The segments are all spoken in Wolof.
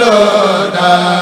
Yàlla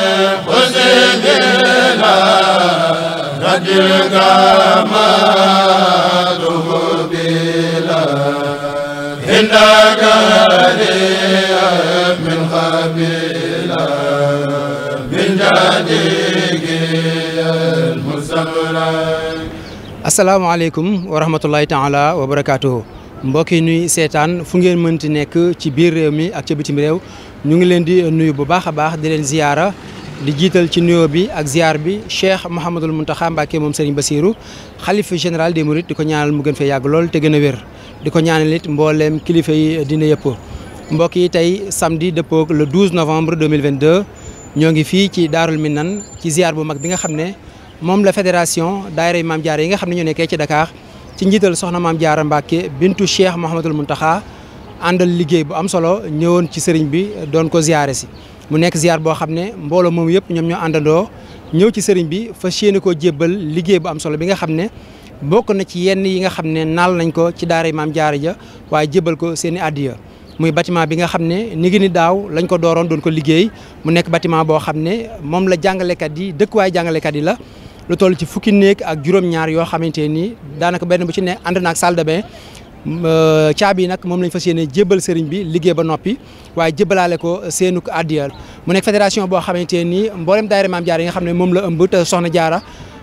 asalaamaaleykum wa rahmatullahi taala wa barakaatuhu mbokk yi nuy seetaan fu ngeen mënti nekk ci biir réew mi ak ca bitim réew ñu ngi leen di nuyu bu baax a baax di leen ziyaara di jiital ci nuyoo bi ak ziar bi Cheikh Mouhamadul Mountakha Mbacké moom Serigne Bassirou xalifa général des Mourides di ko ñaanal mu gën fee yàgg lool te gën a wér di ko ñaanal it mbooleem kilifa yi dina yëpp mbokk yi tey samedi dëppoo le 12 novembre 2022 ñoo ngi fii ci Daarul nan ci ziar bu mag bi nga xam ne moom la fédération daayira yi Maam Jaara yi nga xam ne ñu nekkee ci Dakar ci njiital soxna Maam Jaara Mbacké bintu Cheikh Mouhamadul Mountakha àndal liggéey bu am solo ñëwoon ci sëriñ bi doon ko ziare si mu nekk ziar boo xam ne mbooloo moom yëpp ñoom ñoo àndandoo ñëw ci sëriñ bi fas yéene koo jébbal liggéey bu am solo bi nga xam ne bokk na ci yenn yi nga xam ne naal nañ ko ci daara maam jaar ja waaye jébbal ko seeni i addiya muy batiment bi nga xam ne ni ngi ni daaw lañ ko dooroon doon ko liggéey mu nekk bâtiment boo xam ne moom la jàngalekat yi dëkkuwaay jàngalekat yi la lu toll ci fukki néeg ak juróom-ñaar yoo xamante nii daanaka benn bu ci ne ànd naak salle de Euh, caabi nag moom lañ fa yéene jébbal sëriñ bi liggéey ba noppi waaye jébbalaale ko seenuk addiya mu nekk fédération boo xamante ni mboolem daayira Maam yi nga xam ne moom la ëmb te soxna jaara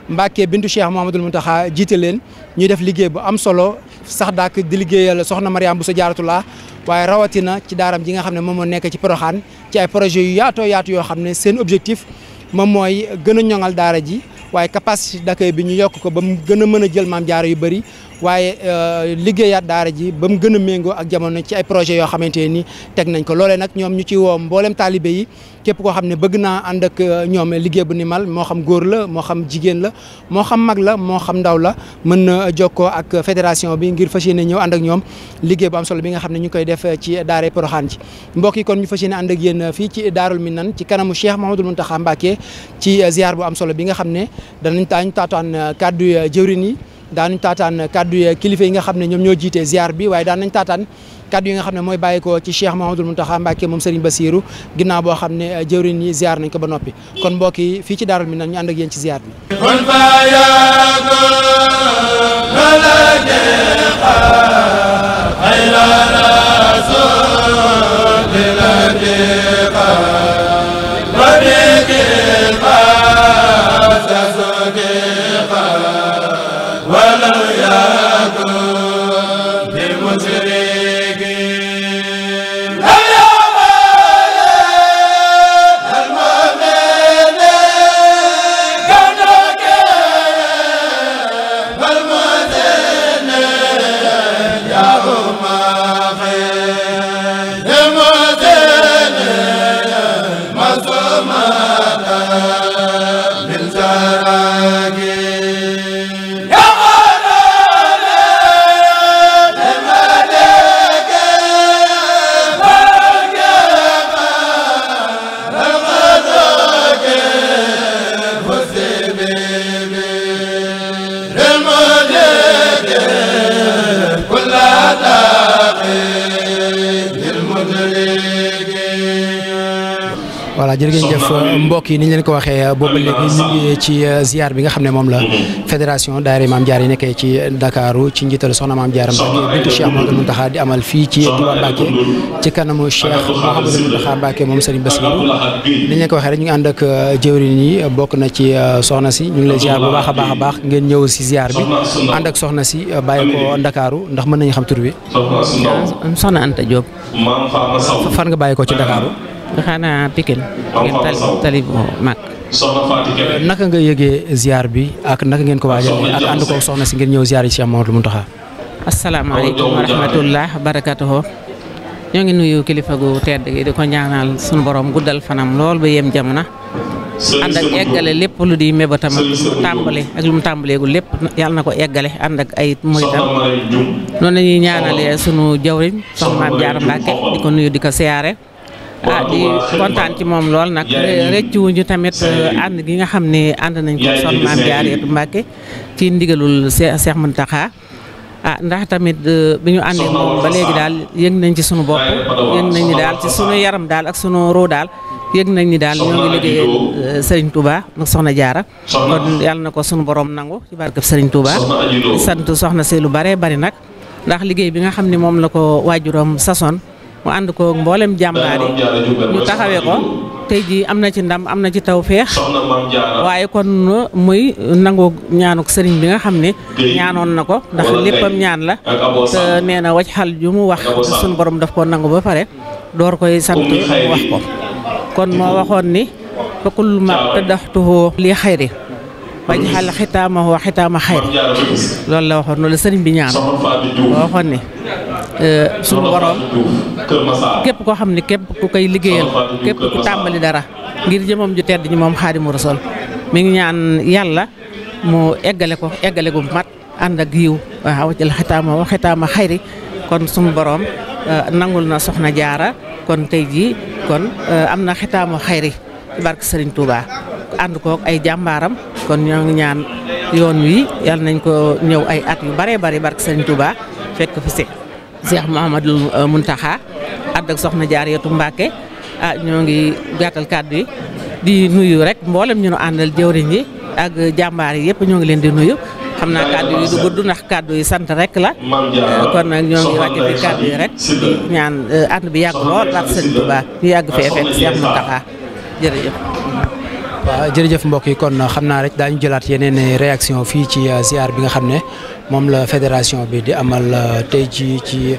Mbàkke bintu Cheikh Mouhamadoul Mountakha jiite leen ñuy def liggéey bu am solo sax dàkk di liggéeyal soxna Mariam Bousso Jaaratullah waaye rawatina ci daaram ji nga xam ne moom moo nekk ci Poroxaan ci ay projet yu yaatoo yaatu yoo xam ne seen objectif moom mooy gën a ñoŋal daara ji waaye capacité d'accueil bi ñu yokk ko ba mu gën a mën a jël Maam Jaara yu bëri waaye euh, liggéeyaat daara ji ba mu gën a méngoo ak jamono ci ay projet yoo xamante nii teg nañ ko loole nag ñoom ñu ci woo mboolem taalibe yi képp koo xam ne bëgg naa ànd ak euh, ñoom liggéey bu ni mal moo xam góor la moo xam jigéen la moo xam mag la moo xam ndaw la mën na jokkoo ak fédération bi ngir fas yéene ñëw ànd ak ñoom liggéey bu am solo bi nga xam ne ñu koy def euh, ci daara Poroxaan ji mbokk yi kon ñu fas yéene ànd ak yéen fii ci Daarul Minan ci kanamu Cheikh Mouhamadoul Mountakha Mbacké ci ziar bu am solo bi nga xam ne danañ taañ taataan kàddu jëwrin yi daanuñ taataan kaddu kilifa yi nga xam ne ñoom ñoo jiite ziar bi waaye daan nañ taataan kaddu yi nga xam ne mooy bàyyikoo ci Cheikh Mahamadul Muntaxa Mbàkke moom Serigne Bassirou ginnaaw boo xam ne jëwriñ yi ziar nañ ko ba noppi kon mbokk yi fii ci Daarul Minaan ñu ànd ak yéen ci bi mbokk yi ni leen ko waxee uh, boobu léegi ñu ngi ci uh, ziar bi nga xam ne moom la fédération daayira Maam Jaara yi nekkee ci Ndakaaru ci njiital soxna Maam Jaara Mbacke bintu Cheikh amal fii ci diwaan Mbacke ci kanamu Cheikh Mouhamadou Mountakha Mbacke moom Serigne Bassirou ni ñu leen ko waxee rek ñu ngi ànd uh, yi bokk na ci soxna si ñu ngi lay ziar baax a baax a baax ngeen ñëw si ziar bi ànd ak soxna si bàyyi ko Ndakaaru ndax mën nañu xam tur bi nga bàyyi ko ci Ndakaaru xanaa Pikine Pikine tali tali bu mag naka nga yëgee ziar bi ak naka ngeen ko waajal ak ànd ko soxna si ngeen ñëw ziar yi Cheikh Mamadou Mountakha asalaamaaleykum wa rahmatullah barakatuhu ñoo ngi nuyu kilifa gu tedd gi di ko ñaanal sunu borom guddal fanam lool ba yem jamono ànd ak eggale lépp lu di mébatam ak lu mu tàmbaleegul lépp yàlla na ko eggale ànd ak ay muritam noonu ñuy ñaanalee sunu jawriñ soxna Jaara Mbàkke di ko nuyu di ko siyaare ah di kontaan ci moom lool nag rëccu wuñu tamit euh, ànd gi nga xam ne ànd nañ ko son maam Jaaratu Mbàkke ci ndigalul Seex Muntaxa ah ndax tamit euh, bi ñu àndee moom ba léegi daal yëg nañ ci sunu bopp yëg nañ ni daal ci sunu yaram daal ak sunu roo daal yëg nañ ni daal ñoo ngi liggéeyal euh, Serigne Touba nag soxna Jaara kon yàlla na ko sunu borom nangu ci barkeb Serigne Touba sant soxna si lu bare bari nag ndax liggéey bi nga xam ne moom la ko waajuram sason mu ànd ko mboolem jàmbaar yi ñu taxawee ko tey jii am na ci ndam am na ci taw feex waaye kon muy nangu ñaanuk sëriñ bi nga xam ni ñaanoon na ko ndax léppam ñaan la te nee na waj xal ju mu wax suñ borom daf koo nangu ba pare door koy sant mu wax ko kon moo waxoon ni fakul ma tadaxtuhu li xayri waj xal xitaamahu xitaama xayri loolu la waxoon loolu sëriñ bi ñaan waxoon ni Euh, suñu boroom képp koo xam ne képp ku koy liggéeyal képp ku tàmbali dara ngir jëmam ju tedd ñi moom xaadimu rasul mu ngi ñaan yàlla mu eggale ko eggale gu mat ànd ak yiw waaw jël xitaama wa xitaama kon suñu boroom euh, nangul na soxna jaara kon tey jii kon euh, am na xitaama xayri ci barke Serigne Touba ànd kook ay jàmbaaram kon ñoo ngi ñaan yoon wi yàlla nañ ko ñëw ay at yu bare bare barke Serigne Touba fekk fi si Cheikh Mouhamadul euh, mun ànd ak soxna Jaariyatu Mbàkke ah ñoo ngi gàttal kàddu yi di nuyu rek mboolem ñu nu àndal jëwriñ yi ak jàmbaar yi yëpp ñoo ngi leen di nuyu xam naa kàddu yi du gudd ndax kàddu yi sant rek la euh, kon nag ñoo ngi wàcc fi kàddu yi rek ñaan euh, ànd bi yàgg lool ak sëñ Tuubaa ñu yàgg fee fekk Cheikh Mountakha jërëjëf mbokk yi kon xam naa rek daañu jëlaat yeneen réaction fii ci euh, ziar bi nga xam ne moom la fédération bi di amal euh, tey jii ci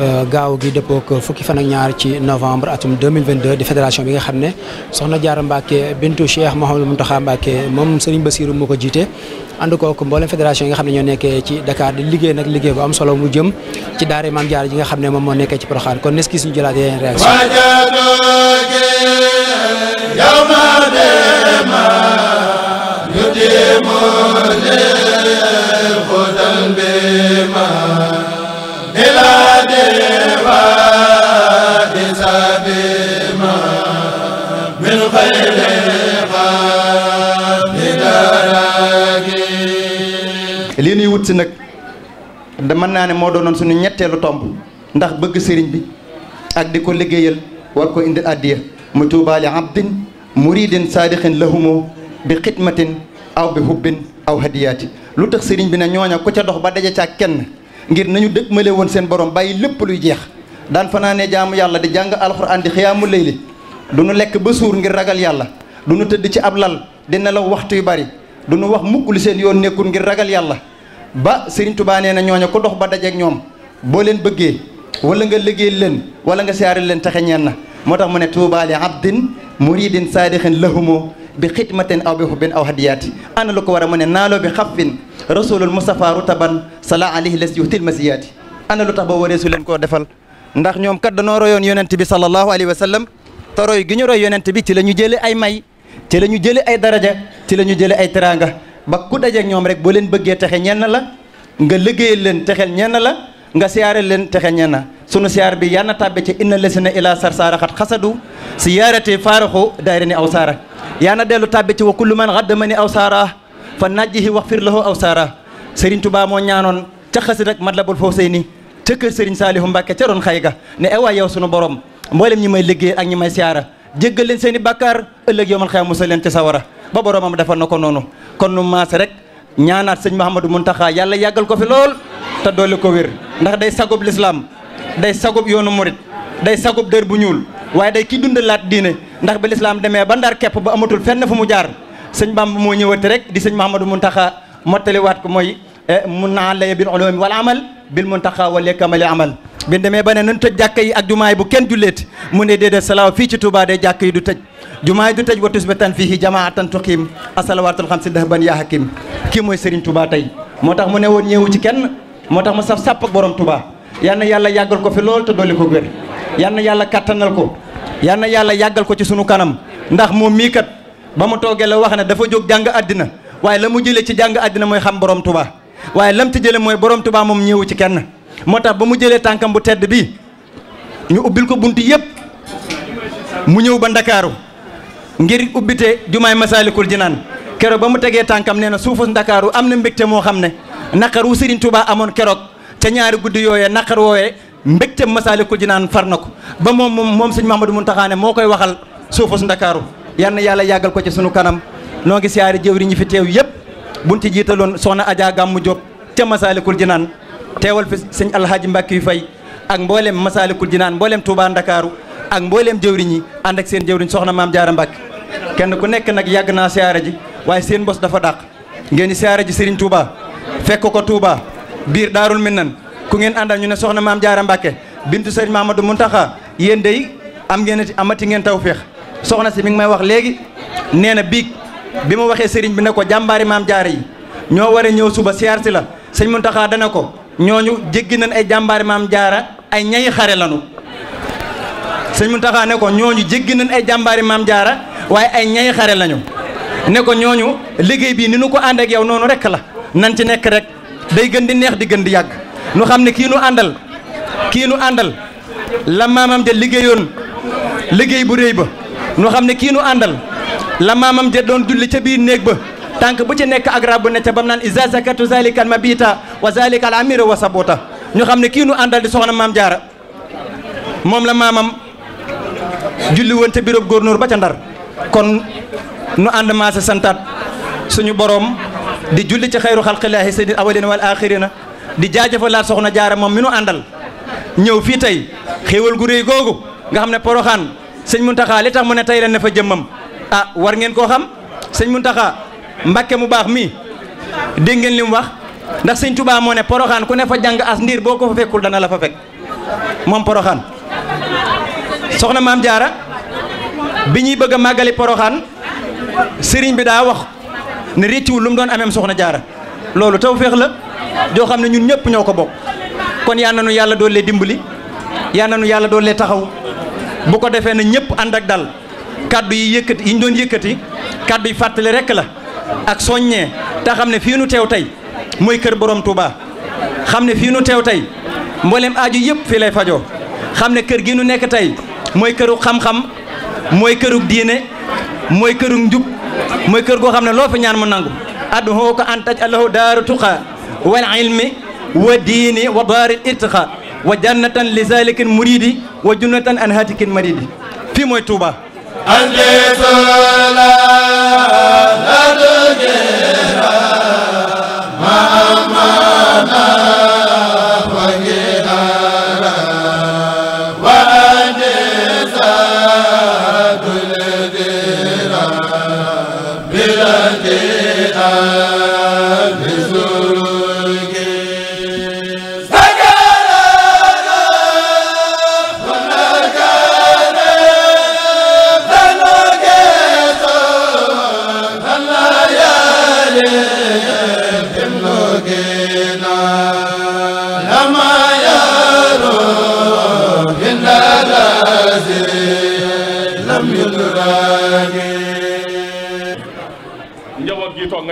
euh, gaaw gi dëppook fukki fan ñaar ci novembre atum 2022 di fédération bi nga xam ne soxna Jaara Mbacke bintu Cheikh Mouhamadou Mountakha Mbacke moom ba Bassirou moo ko jiite. ànd kook mboolem fédération yi nga xam ne ñoo nekkee ci Dakar di liggéey nag liggéey bu am solo mu jëm ci daara Maam Jaara ji nga xam ne moom moo nekkee ci Porokhane kon est-ce que suñu jëlaat yeneen lii nuy wut si nag da naa ne moo doonoon suñu ñetteelu tomb ndax bëgg sëriñ bi ak di ko liggéeyal war ko indi àddiya mu tuubaa li abdin muridin saadixin lahumo bi xidmatin aw bi hubbin aw hadiyaati lu tax sëriñ bi ne ñooña ku ca dox ba daje ca kenn ngir nañu dëgg male woon seen borom bàyyi lépp luy jeex daan fanaane jaamu yàlla di jàng alxuraan di xiyaamu layli du nu lekk ba suur ngir ragal yàlla du nu tëdd ci ab lal di nelaw waxtu yu bari du nu wax mukk lu seen yoon nekkul ngir ragal yàlla ba sëriñ Tuubaa nee na ñooña ku dox ba daje ñoom boo leen bëggee wala nga liggéey leen wala nga siyaare leen taxe ñeen na moo tax mu ne tuuba li abdin muridin saadixin lahumu bi xidmatin aw bi hubbin aw hadiyaati ana lu ko war a mu ne naaloo bi xaffin rasulul mustafa rutaban sala alayhi les yuhtil masiyaati ana lu tax ba waree su leen koo defal ndax ñoom kat danoo royoon yonent bi sallallahu alayhi wa sallam te roy gi ñu roy yonent bi ci la ñu jëlee ay may ci la ñu jëlee ay daraja ci la ñu jëlee ay teraanga ba ku dajeeg ñoom rek boo leen bëggee texe ñenn la nga liggéeyal leen texel ñenn la nga siyaare leen texe ñe na sunu siyaar bi yal na tàbbi ci inna lesina ila sar saara xat xasadu siyaarati faaraxu daayira ni aw saara yal na dellu tàbbi ci wa kullu man xaddama ni aw saara fa najjihi wax fir lahu aw saara Serigne Touba moo ñaanoon ca xasi rek Matlabul Fawzayni ca kër Serigne Saliou Mbacke ca roon xay ga ne ewa yow sunu borom mboolem ñi may liggéey ak ñi may siyaara jéggal leen seen i bàkkaar ëllëg yow man xëy musal leen ci sawara ba boromam defal na ko noonu kon nu maas rek ñaanaat sëñ Mouhamadou Mountakha yàlla yàggal ko te dolli ko wér ndax day sagub lislaam day sagub yoonu murit day sagub dër bu ñuul waaye day ki dundalaat diine ndax ba lislaam demee ba ndar kepp ba amatul fenn fu mu jaar sëñ Bamba moo ñëwati rek di sëñ Mahamadou taxa mottaliwaat ko mooy eh, mun naa lay bil ulumi wal amal bil muntaxa wal kamali amal bi demee ba ne nañ tëj jàkka yi ak jumaa yi bu kenn julleeti mu ne déedéet salaaw fii ci Touba day jàkka yi du tëj jumaa yi du tëj wa tusbitan fihi jamaatan tuqiim asalawaatul xam si dahban yaa hakim kii mooy Serigne Touba tey moo tax mu ne woon ñëwu ci kenn moo tax mu saf sàpp ak borom Touba yal na yàlla yàggal ko fi lool te dolli ko wér yal na yàlla kàttanal ko yal na yàlla yàggal ko ci sunu kanam ndax moom mii kat ba mu toogee la wax ne dafa jóg jàng àddina waaye la mu jëlee ci jàng àddina mooy xam boroom tubaa waaye lam ci jëlee mooy borom tubaa moom ñëwu ci kenn moo tax ba mu jëlee tànkam bu tedd bi ñu ubbil ko bunt yépp mu ñëw ba ndakaaru ngir ubbite jumaay masaalikul jinaan keroog ba mu tegee tànkam nee na suufus ndakaaru am na mbégte moo xam ne naqar wu Serigne Touba amoon keroog ca ñaari guddi yooyee naqar woowee mbégte Masaalikul Jinaan far na ko ba moom moom moom sëñ Mahamadou Muntaxa ne moo koy waxal suufus ndakaaru yal na yàlla yàggal ko ci sunu kanam noo ngi siyaare jëwriñ ñi fi teew yëpp buñ ci jiitaloon soxna Adja Gàmmu Diop ca Masaalikul Jinaan teewal fi sëñ Alhaaji Mbàkke yu fay ak mbooleem Masaalikul Jinaan mbooleem Touba ndakaaru ak mbooleem jëwriñ yi ànd jëwriñ soxna Maam Jaara Mbàkke kenn ku nekk nag yàgg naa siyaare ji waaye seen mbos dafa dàq ngeen di siyaare ji Serigne Touba fekk ko tuuba biir daarul minan ku ngeen àndal ñu ne soxna maam Jaara Mbàkke bintu Serigne Mamadou Muntaxa yéen day am ngeen amati ngeen taw tawféex soxna si mi ngi may wax léegi nee na biig bi ma waxee Serigne bi ne ko jàmbaari maam Jaara yi ñoo war a ñëw suba siyaar si la sëñ Muntaxa dana ko ñooñu jéggi nañ ay jàmbaari maam Jaara ay ñayi xare lanu sëñ Muntaxa ne ko ñooñu jéggi nañ ay jàmbaari maam Jaara waaye ay ñayi xare lañu ne ko ñooñu liggéey bii ni nu ko ànd ak noonu rek la nan ci nekk rek day gën di neex di gën di yàgg nu xam ne kii nu àndal kii nu àndal la maamam ja liggéeyoon liggéey bu réy ba nu xam ne kii nu àndal la maamam ja doon julli ca biir néeg ba tànk bu ci nekk ak rabbu ne ca bam naan isa zakatu zalika al mabita wa zalika al wa sabota ñu xam ne kii nu àndal di soxna maam jaara moom la maamam julli woon ca birob góornóor ba ca ndar nu ànd maase santaat suñu borom di julli ci xayru xalqilaahi sayyidil awwalina wal na di jaajëfalaat soxna jaara moom mi nu àndal ñëw fii tey xéewal gu réy googu nga xam ne poroxaan sëñ Muntaxa li tax mu ne tey leen ne fa jëmmam ah war ngeen koo xam sëñ Muntaxa Mbàkke mu baax mii dégg ngeen li wax ndax sëñ Tuubaa moo ne poroxaan ku ne fa jàng as ndiir boo ko fa fekkul dana la fa fekk moom poroxaan soxna maam jaara bi ñuy bëgg a màggali poroxaan sëriñ bi daa wax ne récciwul lu mu doon ameem soxna jaara loolu tawféex la joo xam ne ñun ñëpp ñoo ko bokk kon yaa nanu yàlla doole dimbali yaa nanu yàlla doon lee taxaw bu ko defee na ñëpp ànd ak dal kàddu yi yëkkati yi ñu doon yëkkati kàddu yi fàttali rek la ak soññee te xam ne fii nu teew tey mooy kër borom Touba xam ne fii nu teew tey mboolem aaju yëpp fii lay fajoo xam ne kër gi nu nekk tey mooy këru xam-xam mooy këru diine mooy këru njub mooy kër goo xam ne loo fi ñaan mu nangu adhoo ko an taj allahu daaru tuqa wal ilmi wa diini wa daaril irtiqa wa jannatan li zalikin muridi wa junnatan an hatikin maridi fii mooy Touba anjitula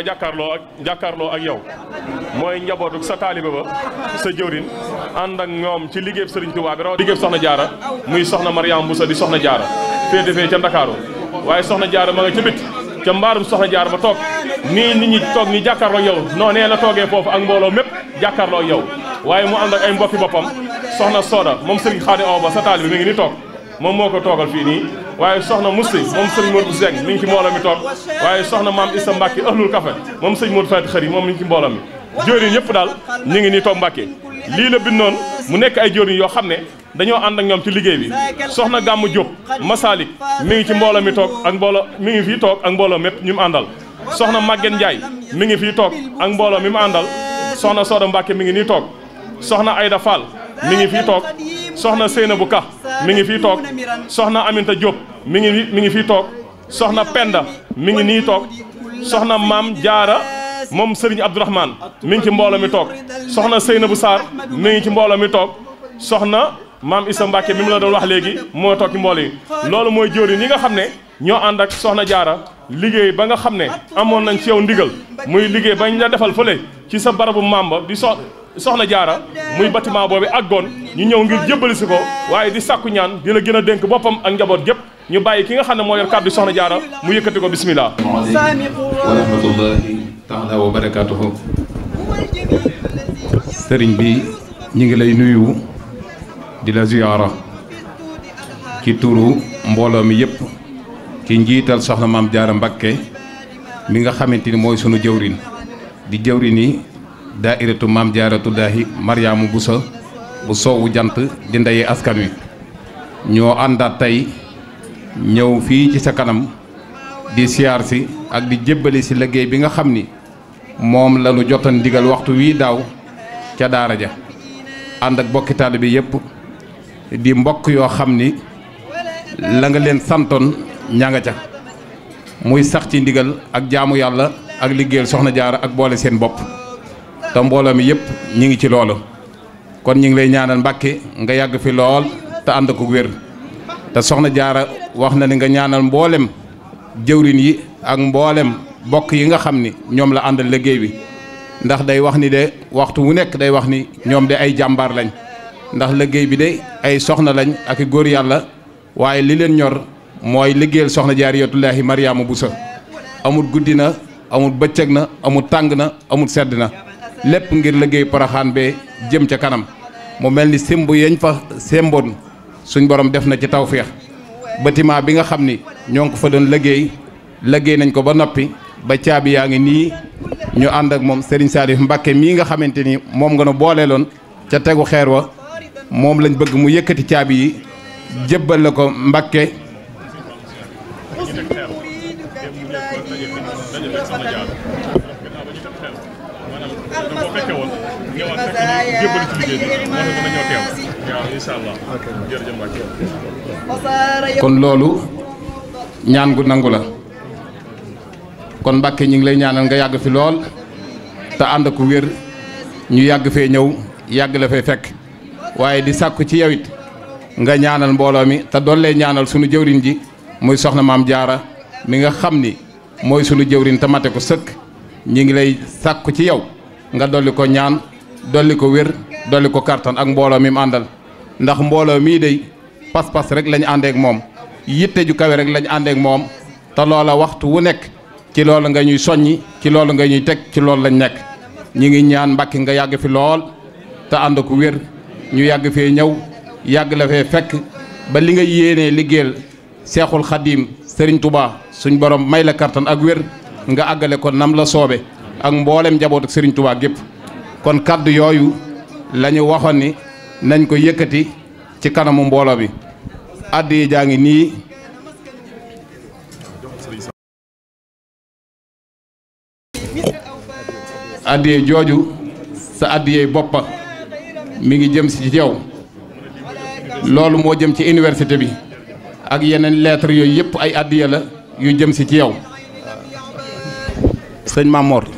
jàkkaarloo ak jàkkaarloo ak yow mooy njabootu sa taalibe ba sa jëwrin ànd ak ñoom ci liggéey Sëriñ Tuubaa bi raw liggéeyub soxna jaara muy soxna Mariam Bousso di soxna jaara féete fee ca Ndakaaru waaye soxna jaara ma nga ca bit ca mbaarum soxna jaara ba toog nii ni ñi toog ni jàkkaarloo ak yow noo nee la toogee foofu ak mbooloo mépp jàkkaarloo ak yow waaye mu ànd ak ay mbokki boppam soxna sooda moom sëriñ Xaadi Awa Ba sa taalibe mi ngi ni toog moom moo ko toogal fii nii waaye soxna Moussi moom sëñ Modou Zeng mi ngi ci mbooloo mi toog waaye soxna maam Issa Mbacke ahlul kafe moom sëñ Modou Fati xëri moom mi ngi ci mbooloo jóorin yëpp daal ñu ngi nii toog Mbacke lii la bindoon mu nekk ay jóorin yoo xam ne dañoo ànd ak ñoom ci liggéey bi soxna Gàmmu Diop Masalik mi ngi ci mbooloo mi toog am mbooloo mi ngi fii toog ak mbooloo mépp ñu mu àndal soxna Maguette Ndiaye mi ngi fii toog ak mbooloo mi mu àndal soxna Soda Mbacke mi ngi nii toog soxna Aïda Fall mi ngi fii toog soxna Seynabou Ka mi ngi fii toog soxna Aminta jóop mi ngi mi ngi fii toog soxna Penda mi ngi nii toog soxna Maam Jaara moom Serigne Abdourahmane mi ngi ci mbooloo mi toog soxna Seynabou Sarr mi ngi ci mbooloo mi toog soxna maam Issa Mbacke mi mu la doon wax léegi moo toog ci mbool yi loolu mooy jëwriñ yi nga xam ne ñoo ànd ak soxna jaara liggéey ba nga xam ne amoon nañ ci ndigal muy liggéey bañ la defal fu fële ci sa barabu maam ba di sox soxna jaara muy bâtiment ak àggoon ñu ñëw ngir jébbali si ko waaye di sàkku ñaan di la gën a dénk boppam ak njaboot gépp ñu bàyyi ki nga xam ne moo yor kàddu soxna jaara mu yëkkati ko bismillah wa rahmatullahi taala wa barakatuhu sëriñ bi ñu ngi lay nuyu di la ziyaara ci turu mbooloo mi yëpp ci njiital soxna maam jaara mbakke mi nga xamante ni mooy sunu jëwrin di jëwrin yi daairatu maam jaaratullaahi mariyaamu busa bu soowu jant di ndeye askan wi ñoo àndaat tey ñëw fii ci sa kanam di siyaar si ak di jébbali si liggéey bi nga xam ni moom la nu ndigal waxtu wii daaw ca daara ja ànd ak bokki taalibe bi yëpp di mbokk yoo xam ni la nga leen santoon ña nga ca muy sax ci ndigal ak jaamu yàlla ak liggéeyal soxna jaara ak boole seen bopp te mbooloo mi yëpp ñi ngi ci loolu kon ñi ngi lay ñaanal Mbàkke nga yàgg fi lool te ànd ko wér te soxna jaara wax na ni nga ñaanal mboolem jëwrin yi ak mboolem bokk yi nga xam ni ñoom la àndal liggéey bi ndax day wax ni de waxtu wu nekk day wax ni ñoom de ay jàmbaar lañ ndax liggéey bi de ay soxna lañ ak i góor yàlla waaye li leen ñor mooy liggéeyal soxna jaariyatullaahi bu Buso amul guddi na amul bëccëg na amul tàng na amul sedd na lépp ngir liggéey Porokhane be jëm ca kanam mu mel ni simb yañ fa semboon suñ borom def na ci tawféex bâtiment bi nga xam ni ñoo ko fa doon liggéey liggéey nañ ko ba noppi ba caabi yaa ngi nii ñu ànd ak moom Serigne Salif Mbacké mii nga xamante ni moom nga nu booleeloon ca tegu xeer wa moom lañ bëgg mu yëkkati caabi yi jébbal la ko Mbacké kon loolu ñaan gu nangu la kon Mbacke ñu ngi lay ñaanal nga yàgg fi lool te ànd ko wér ñu yàgg fee ñëw yàgg la fee fekk waaye di sàkku ci yow nga ñaanal mbooloo mi te doon ñaanal sunu jëwriñ ji muy soxna maam jaara mi nga xam ni mooy sunu jëwriñ te mate ko sëkk ñi ngi lay sàkku ci yow nga dolli ko ñaan. dolli ko wér dolli ko kàttan ak mbooloo mi mu àndal ndax mbooloo mii day pas-pas rek lañu àndeek moom yitte ju kawe rek lañu àndeek moom te loola waxtu wu nekk ci loolu nga ñuy soññi ci loolu nga ñuy teg ci loolu lañ nekk ñi ngi ñaan mbakki nga yàgg fi lool te ànd ko wér ñu yàgg fee ñëw yàgg la fee fekk ba li nga yéenee liggéeyal seexul xadiim sëriñ Touba suñ borom may la kàttan ak wér nga àggale ko nam la soobe ak mboolem njaboot ak sëriñ Touba kon kàddu yooyu la ñu waxoon ni nañ ko yëkkati ci kanamu mbooloo bi addi jaa ngi nii addiye jooju sa addiyey boppa mi ngi jëm si ci loolu moo jëm ci université bi ak yeneen lettre yooyu yëpp ay addiye la yu jëm si ci yow sëñ Mamor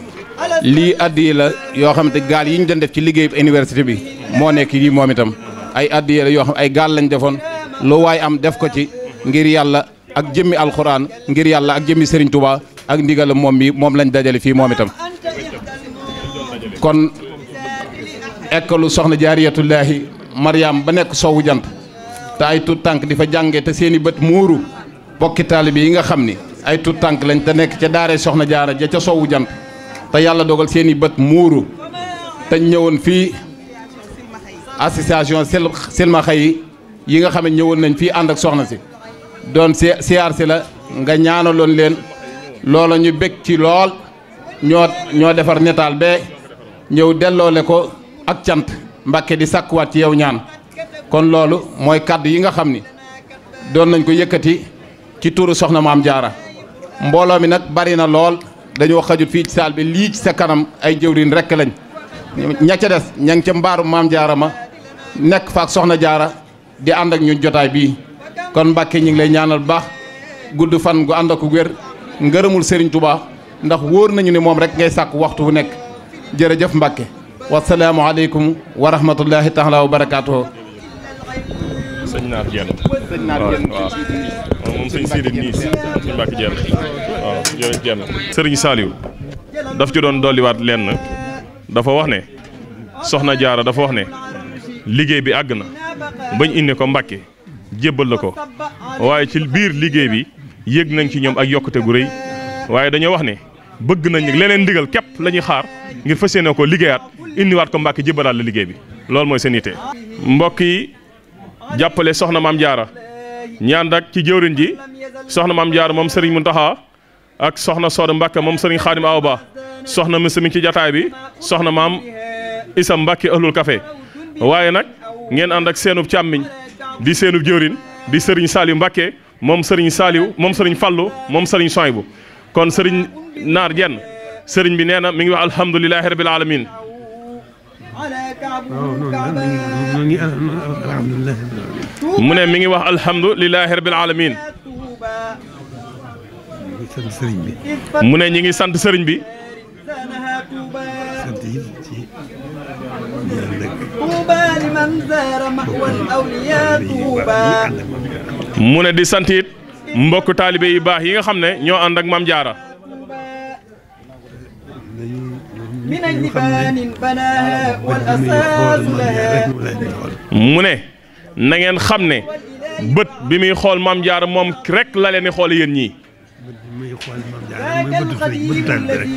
lii addiya la yoo xam te gaal yi ñu doon def ci liggéey université bi moo nekk yi moom itam ay addiya la yoo xam ay gaal lañ defoon lu waay am def ko ci ngir yàlla ak jëmmi alxuraan ngir yàlla ak jëmmi Serigne Touba ak ndigal moom mi moom lañ dajale fii moom itam kon ekkalu soxna jaariyatullaahi Mariam ba nekk soowu jant te ay tuut tànk di fa jànge te seeni bët muuru bokki taalibe yi nga xam ni ay tuut tànk lañ te nekk ca daare soxna jaara ja ca soowu jant te yàlla dogal seeni bët muuru te ñëwoon fii association sel yi yi nga xam ne ñëwoon nañ fii ànd ak soxna si doon siyaar si la nga ñaanaloon leen loola ñu bég ci lool ñoo ñoo defar netaal bee ñëw delloole ko ak cant mbakke di sàkkuwaat ci yow ñaan kon loolu mooy kàddu yi nga xam ni doon nañ ko yëkkati ci turu soxna maam jaara mbooloo mi nag bari na lool dañoo xajut fii ci saal bi lii ci sa kanam ay jëwriñ rekk lañ ña ca des ña ngi ca mbaaru maam jaara ma nekk faak soxna jaara di ànd ak ñun jotaay bii kon Mbàkke ñu ngi lay ñaanal baax gudd fan gu ànd ak wér ngërëmul Serigne baax ndax wóor nañu ni moom rek ngay sàkk waxtu wu nekk jërëjëf Mbàkke wasalaamualeykum wa rahmatullahi taala wa barakaatoo sëñ Naar Diène. Naar Diène moom sëñ Sidi nii sëñ sëriñ Saliou daf ci doon dolliwaat lenn dafa wax ne soxna jaara dafa wax ne liggéey bi àgg na bañ indi ko Mbacke jébbal la ko waaye ci biir liggéey bi yëg nañ ci ñoom ak yokkute gu rëy waaye dañoo wax ne bëgg nañ leneen digal képp la ñuy xaar ngir fas yéene ko liggéeyaat indiwaat ko Mbacke jébbalaat la liggéey bi loolu mooy seen yitte mbokk jàppale soxna maam jaara ñaan rek ci jëwriñ ji soxna maam jaara moom sëriñ Muntaxa ak soxna Sooda Mbàkke moom sëriñ Xaadim Awa Ba soxna mi ci jataay bi soxna maam Isa Mbàkke ahlul café waaye nag ngeen ànd ak seenub càmmiñ di seenu jëwriñ di sëriñ Saaliw Mbàkke moom sëriñ Saaliw moom sëriñ Fallu moom sëriñ Soybu kon sëriñ Naar Jenn sëriñ bi nee na mi ngi wax alhamdulilahi rabil alamin mu ne mi ngi wax alhamdulilahi rabbil alamin mu ne ñi ngi sant sëriñ bi. mu ne di sant it mbokk taalibe yu baax yi nga xam ne ñoo ànd ak maam Jaara. mu ne na ngeen xam ne bët bi muy xool maam jaar moom rek la leen di xool yéen ñii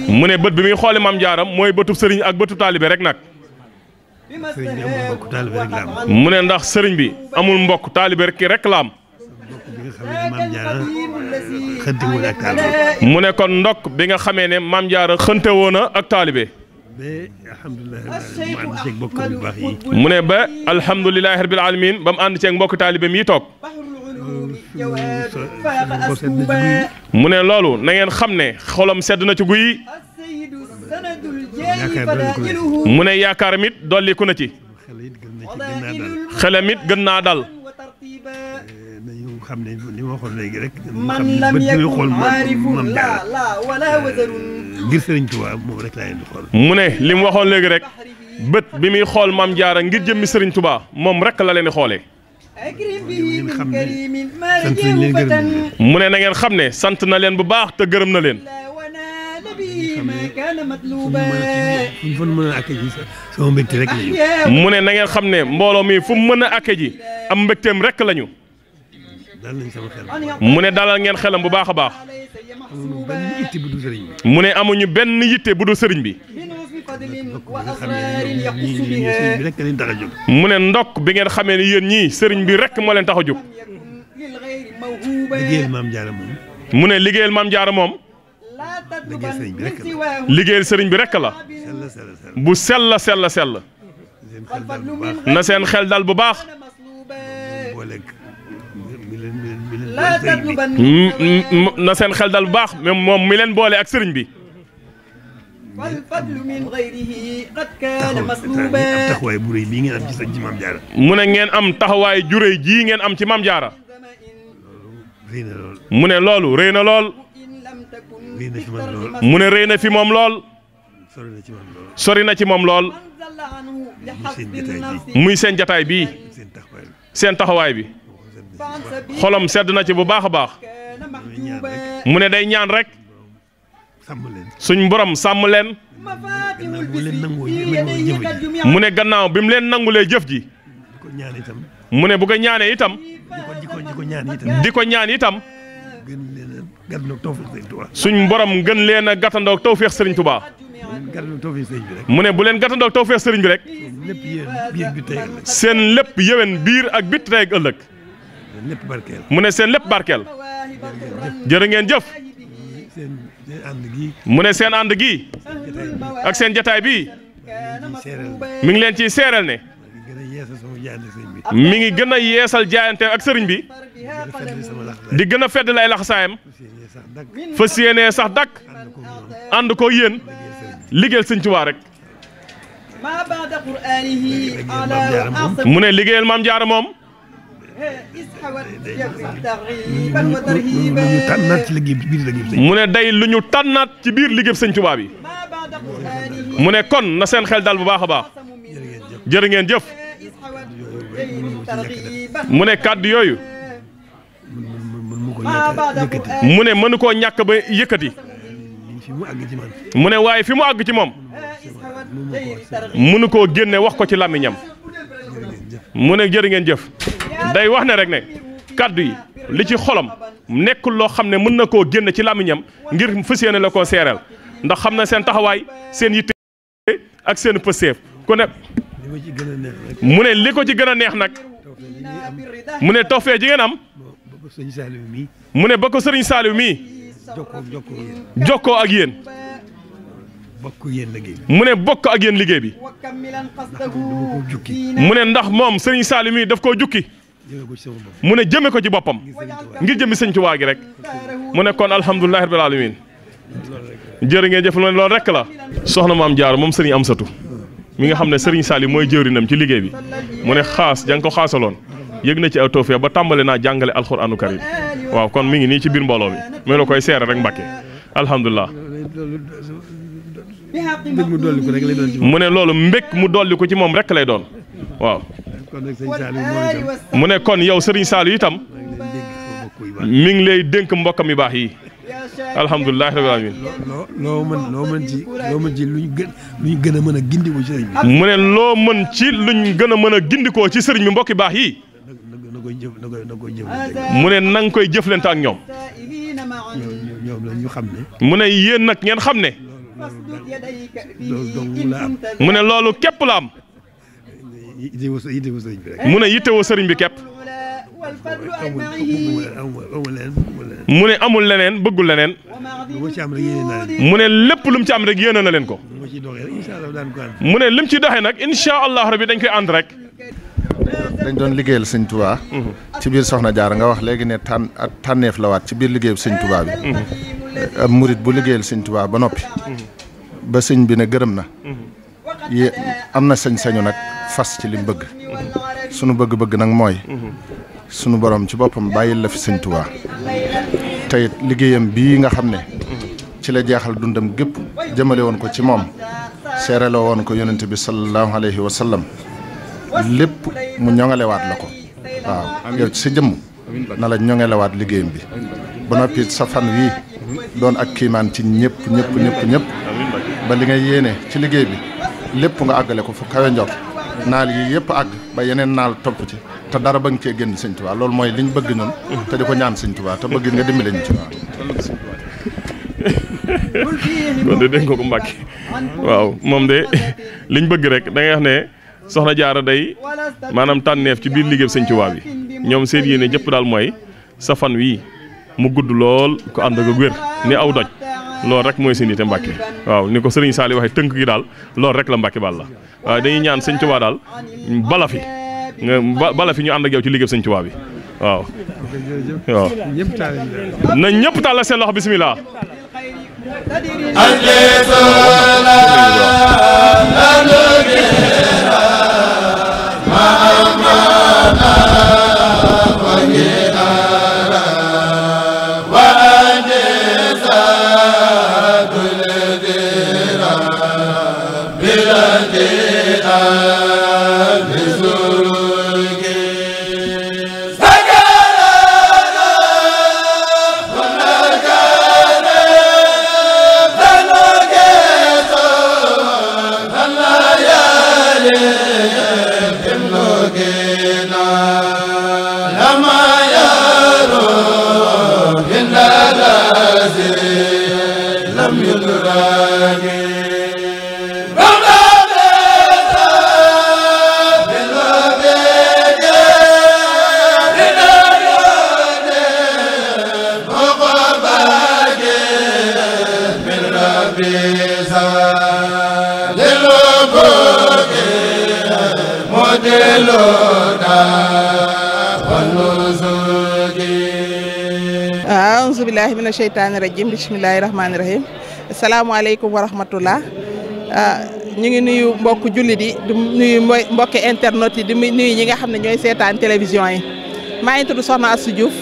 mu ne bët bi muy xooli maam jaara mooy bëtub sëriñ ak bëtu taalibe rek nag mu ne ndax sëriñ bi amul mbokk taalibe rek rek la mu ne kon ndokk bi nga xamee ne maam jaara xënte woona ak taalibe mu ne ba alhamdulilahi rabbil alamin ba mu ànd ceeg mbokk taalibeem yi toog mu ne loolu nangeen xam ne xolam sedd na ci guy mu ne yaakaaram it dolliku na ci xelam gën naa dal man lam yakun aarifun la la wala wazarun ngir Serigne Touba moom rek laa mu ne li mu waxoon léegi rek bët bi muy xool maam jaara ngir jëmmi Serigne Touba moom rek la leen di xoolee. mu ne na ngeen xam ne sant na leen bu baax te gërëm na leen. mu ne na ngeen xam ne mbooloo mi fu mu mën a àkke ji am mbégteem rek lañu. mu ne dalal ngeen xelam bu baax a baax. mu ne amuñu benn yitte bu du sëriñ bi. mu ne ndokk bi ngeen xamee ni yéen ñii sëriñ bi rekk moo leen tax a jóg. mu ne liggéeyal maam jaara moom. liggéeyal sëriñ bi rekk la. bu sell sell sell. na seen xel dal bu baax. Mm, mm, mm, na seen xel dal bu baax même moom mi leen boole ak sëriñ bi. taxawaay bu rëy bii ngeen am ci mu ne ngeen am taxawaay ju jii ngeen am ci mam jaara. mu ne loolu rëy na lool. mu ne rëy na fi moom lool. sori na ci moom lool. muy seen jataay bi seen taxawaay bi. xolam sedd na ci bu baax a baax mu ne day ñaan rek suñ borom sàmm leen mu ne gannaaw bi mu leen nangulee jëf ji mu ne bu ko ñaanee itam di ko ñaan itam suñ borom gën leen a gàttandoog tawféex sëriñ Tuubaa mu ne bu leen gàttandoog tawféex sëriñ bi rek seen lépp yéwén biir ak bit tey ëllëg lépp mu ne seen lépp barkeel. jërë ngeen jëf. mu ne seen ànd gi ak seen jataay bi mi ngi leen ciy seeral ne. mi ngi gën a yeesal jaayante ak sëriñ bi. di gën a fedd lay laxasaayam. fas yéenee sax dakk ànd ko yéen. liggéeyal sëñ Tuubaa rek. mu ne liggéeyal maam jaara moom. mu ne day lu ñu tànnaat ci biir liggéey sëñ Tuubaa bi mu ne kon na seen xel dal bu baax a baax jërë jëf mu ne kàddu yooyu mu ne mënu koo ñàkk ba yëkkati mu ne waaye fi mu àgg ci moom mënu koo génne wax ko ci làmmiñam mu ne jërë jëf day wax ne rek ne kàddu yi li ci xolam nekkul loo xam ne mën na koo génn ci làmmiñam ngir fas yéene la koo seereel ndax xam na seen taxawaay seen yitte ak seen pësteef ku ne mu ne li ko ci gën a neex nag mu ne tawfeex ji ngeen am mu ne ba ko sëriñ Saliou mii jokkoo ak yéen mu ne bokk ak yéen liggéey bi mu ne ndax moom sëriñ Saliou mii daf koo jukki mu ne jëme ko ci boppam ngir jëmmi sëñ waa gi rek mu ne kon alhamdulilahi rabbil alamin jërë ngeen jëf loolu rek la soxna mu maam jaar moom sëriñ Amsatu mi nga xam ne sëriñ Saali mooy jëwrinam ci liggéey bi mu ne xaas jang ko xaasaloon yéeg na ci aw tawfeex ba tàmbali naa jàngale alxuraanu karim waaw kon mi ngi nii ci biir mbooloo mi mu la koy seere rek mbàkke alhamdulilah mu ne loolu mbék mu dolli ko ci moom rek lay doon waaw mu ne kon yow sëriñ Saliou itam mi ngi lay dénk mbokkam yu baax yi alhamdulilah rabbil alamin loo mën loo mën ci loo luñ gën luñ gën a mën a gindikoo bi. mu ne loo mën ci luñ gën a mën a gindikoo ci sëriñ bi mbokki baax yi. mu ne na nga koy jëflante ak ñoom. xam ne. mu ne yéen nag ngeen xam ne. mu ne loolu képp la am. mu ne yittewoo sëriñ bi képp. mu ne amul leneen bëggul leneen. mu ne lépp lu ci am rek yéene na leen ko. mu ne lim ci doxee nag incha allah rabi dañ koy ànd rek. dañ doon liggéeyal sëñ Tuubaa mhm. ci biir Soxna Jaara nga wax léegi ne tànn tànneef la waat ci biir liggéeyu sëñ Tuubaa bi. Mhm. ab murit bu liggéeyal sëñ Tuubaa ba noppi. Mhm. ba sëñ bi ne gërëm na. yi am na sañ-sañu nag fas ci lim bëgg sunu bëgg-bëgg nag mooy sunu borom ci boppam bàyyil la fi sëñ Tuubaa tey liggéeyam bii nga xam ne ci la jeexal dundam gépp jëmale woon ko ci moom seereloo woon ko yonent bi sallallahu alayhi wa lépp mu ñoŋalewaat la ko waaw yow ci sa jëmm na la ñoŋalewaat liggéeyam bi ba noppi sa fan wii doon ak kiimaan ci ñëpp ñëpp ñëpp ñëpp ba li nga yéene ci liggéey bi lépp nga àggale ko fu kawe njort naal yii yëpp àgg ba yeneen naal topp ci te dara ba nga cee génn sëñ Tuubaa loolu mooy li ñu bëgg ñun te di ko ñaan sëñ Tuubaa te bëgg nga dimbale ñu ci loolu de dégg nga ko Mbàkke waaw moom de liñ bëgg rek da ngay ne soxna jaara day maanaam tànneef ci biir liggéey sëñ Tuubaa bi ñoom seen yéene jëpp daal mooy sa fan wii mu gudd lool ko ànd ak wér ni aw doj loolu rek mooy seen yite Mbàkke waaw ni ko sëriñ Saali waxee tënk gi daal loolu rek la Mbàkke Balla waaw dañuy ñaan sëñ Tuubaa daal bala fi ñu ànd ak yow ci liggéey sëñ Tuubaa bi waaw waaw na ñëpp tàllal seen loxo bismillah allee billahi mina sheytaani rajim bismillahi rahmaani rahim asalaamaaleykum wa rahmatullah ah, ñu ngi nuyu mbokk jullit yi di nuyu mbokki internet yi di nuyu ñi nga xam ne ñooy seetaan télévision yi maa ngi tudd Soxna Astou Diouf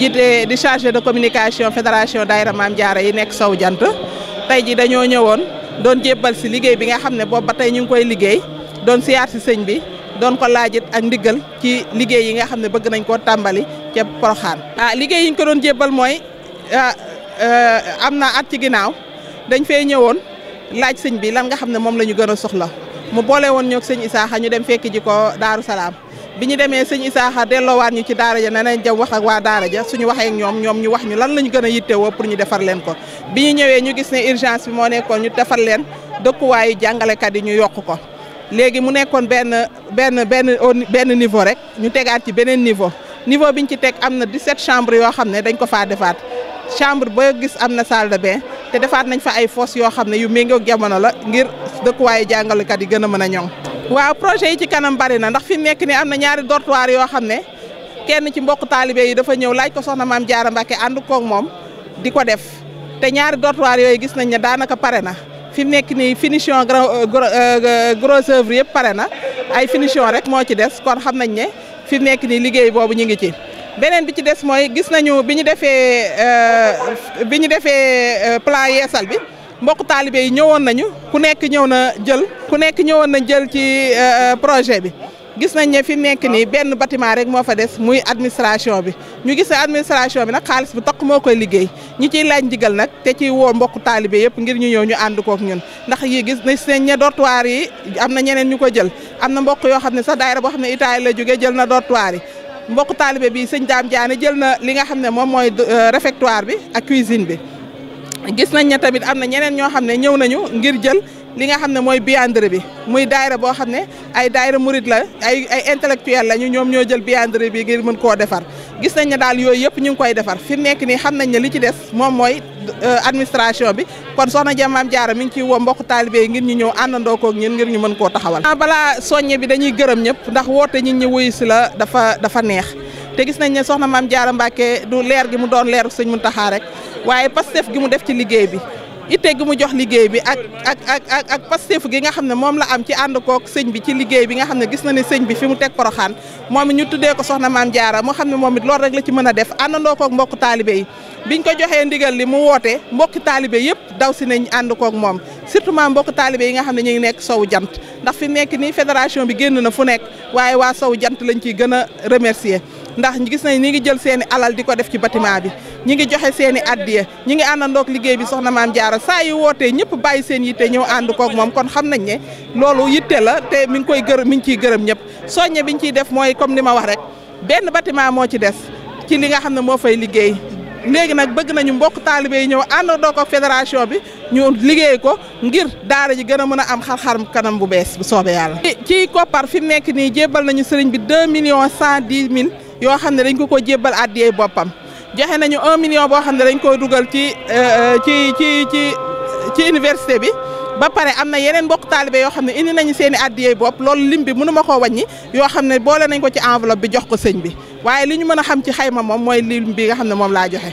jiite di chargé de communication fédération daayira Maam Jaara yi nekk sow jant tey ji dañoo ñëwoon doon jébbal si liggéey bi nga xam ne boobu ba tey ñu ngi koy liggéey doon siyaar si sëñ bi doon ko laajit ak ndigal ci liggéey yi nga xam ne bëgg nañ koo tàmbali ca Poroxaan ah, liggéey yi ñu ko doon jébbal mooy Ah, eh, am na at ci ginnaaw dañ fee ñëwoon laaj sëñ bi lan nga xam ne moom la ñu gën a soxla mu boole woon ñoog sëñ Isaaxa ñu dem fekk ji ko Daaru Salaam bi ñu demee sëñ Isaaxa delloowaat ñu ci daara ja ne nañ jaw wax ak waa daara ja suñu waxee ak ñoom ñoom ñu wax ñu lan la ñu gën a yittewoo pour ñu defar leen ko bi ñu ñëwee ñu gis ne urgence bi moo nekkoon ñu defar leen dëkkuwaayu jàngalekat yi ñu yokk ko léegi mu nekkoon benn benn benn benn niveau rek ñu tegaat ci beneen niveau niveau biñ ci teg am na 17 chambres yoo xam ne dañ ko faa defaat chambre boo gis am na salle de bain te defaat nañ fa ay fosse yoo xam ne yu méngoog jamono la ngir dëkkuwaayu jàngalekat yi gën a mën a ñoŋ. waaw projet yi ci kanam bari na ndax fi mu nekk nii am na ñaari dortoir yoo xam ne kenn ci mbokk taalibe yi dafa ñëw laaj ko soxna maam Jaara Mbàkke ànd koog moom di ko def te ñaari dortoir yooyu gis nañ ne daanaka pare na fi mu nekk nii finition euh, euh, gros œuvre yëpp pare na ay finition rek moo ci des kon xam nañ ne fi mu nekk nii liggéey boobu ñu ngi ci. beneen bi ci des mooy gis nañu bi ñu defee euh, bi ñu defee euh, plan yeesal bi mbokk taalibe yi ñëwoon nañu ku nekk ñëw na jël ku nekk ñëwoon na jël ci euh, projet bi gis nañ ne fi mu nekk nii benn bâtiment rek moo fa des muy administration bi ñu gis ne administration bi nag xaalis bi takk moo koy liggéey ñi ciy laaj ndigal nag te ci woo mbokk taalibe yëpp ngir ñu ñëw ñu ànd kook ñun ndax yi gis nañ ne dortoir yi am na ñeneen ñu ko jël am na mbokk yoo xam ne sax daayira boo xam ne Italie la jógee jël na dortoir yi mbokk taalibe bi sëñ Dame Diané jël na li nga xam ne moom mooy euh, réfectoire bi ak cuisine bi gis nañ ne tamit am na ñeneen ñoo xam ne ñëw nañu ngir jël li nga xam ne mooy biandre bi muy daayira boo xam ne ay daayira murit la ay ay intellectuel lañu ñoom ñoo jël biandre bi ngir mën koo defar gis nañ ne daal yooyu yëpp ñu ngi koy defar fi nekk nii xam nañ ne li ci des moom mooy euh, administration bi kon soxna Dieng Maam Jaara mi ngi ciy woo mbokk taalibe yi ngir ñu ñëw àndandoo koog ñun ngir ñu mën koo taxawal. Ah, balaa soññe bi dañuy gërëm ñëpp ndax woote ñit ñi wuyu si la dafa dafa neex te gis nañ ne soxna Maam Jaara Mbàkke du leer gi mu doon leeru Sëñ Muntaxa rek waaye pastef gi mu def ci liggéey bi itte gi mu jox liggéey bi ak ak ak ak ak pasteef gi nga xam ne moom la am ci ànd kook sëñ bi ci liggéey bi nga xam ne gis na ne sëñ bi fi mu teg poroxaan moom it ñu tuddee ko soxna maam jaara moo xam ne moom it loolu rek la ci mën a def àndandoo kook mbokk taalibe yi ñu ko joxee ndigal li mu woote mbokki taalibe yëpp daw si nañ ànd kook moom surtout maa mbokk taalibe yi nga xam ne ñu ngi nekk sowu jant ndax fi nekk nii fédération bi génn na fu nekk waaye waa sowu jant lañ ciy gën a remercier ndax gis nañ ñi ngi jël seen alal di ko def ci bâtiment bi ñi ngi joxe seen i addiya ñi ngi àndandoog liggéey bi soxna maam jaara saa yu wootee ñëpp bàyyi seen yitte ñëw ànd koog moom kon xam nañ ne loolu yitte la te mi ngi koy gërëm mi ngi ciy gërëm ñëpp soññe bi ñu ci def mooy comme ni ma wax rek benn bâtiment moo ci des ci li nga xam ne moo fay liggéey léegi nag bëgg nañu mbokk taalibe yi ñëw àndandoo ko fédération bi ñu liggéey ko ngir daara ji gën a mën a am xar-xar kanam bu bees bu yàlla. ci koppar fi mu nekk nii jébbal nañu sëriñ bi deux millions cent dix mille yoo xam ne dañ ko ko jébbal àddiyee boppam joxe nañu un million boo xam ne dañ koy dugal ci euh, euh, ci ci ci ci université bi ba pare am na yeneen mbokk taalibe yoo xam ne indi nañu seen i àddiyee bopp loolu lim bi mënu ma koo waññi yoo xam ne boole nañ ko ci enveloppe bi jox ko sëñ bi waaye li ñu mën a xam ci xayma moom mooy lim bi nga xam ne moom laa joxe.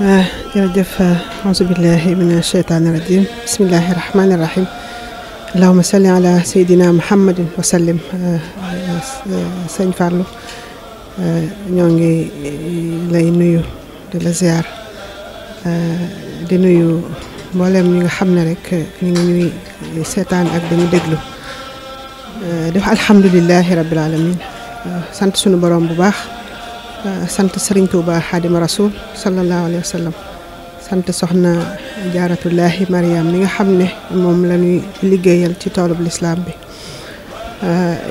Eh, jërëjëf aousubillahi min asheytaani irajim bismillahi rahmaani rahim allahuma salli ala seydina muhammadin wa sallim eh, eh, sëñ Fallou ñoo ngi lay nuyu di la ziar di nuyu mboolem ñi nga xam ne rek ñu ngi ñuy seetaan ak dañu déglu euh, di wax alhamdulilahi rabbil alamin euh, sant sunu borom bu baax euh, sant Serigne Touba Xaadima Rasul sallallahu alayhi wa sant soxna jaaratullahi Mariam mi nga xam ne moom lañuy liggéeyal ci toolub lislaam bi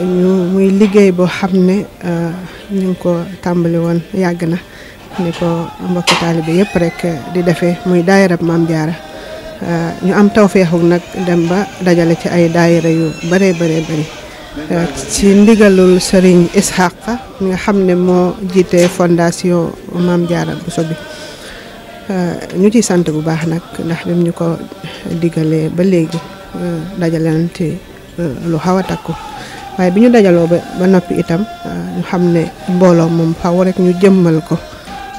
ñu muy liggéey boo xam ne ñu ngi ko tàmbali woon yàgg na ni ko mbokki taalibe yëpp rek di defee muy daayirab Maam Jaara Euh, ñu am tawféexu nag dem ba dajale ci ay daayira yu bëree bëree bëri euh, ci ndigalul Serigne Ishaqa nga xam ne moo jiite fondation Maam Jaara Bousso bi euh, ñu ci sant bu baax nag ndax bim ñu ko digalee ba léegi dajalante lu xaw a takku waaye bi ñu dajaloo ba ba noppi itam ñu xam ne mbooloo moom xaw rek ñu jëmmal ko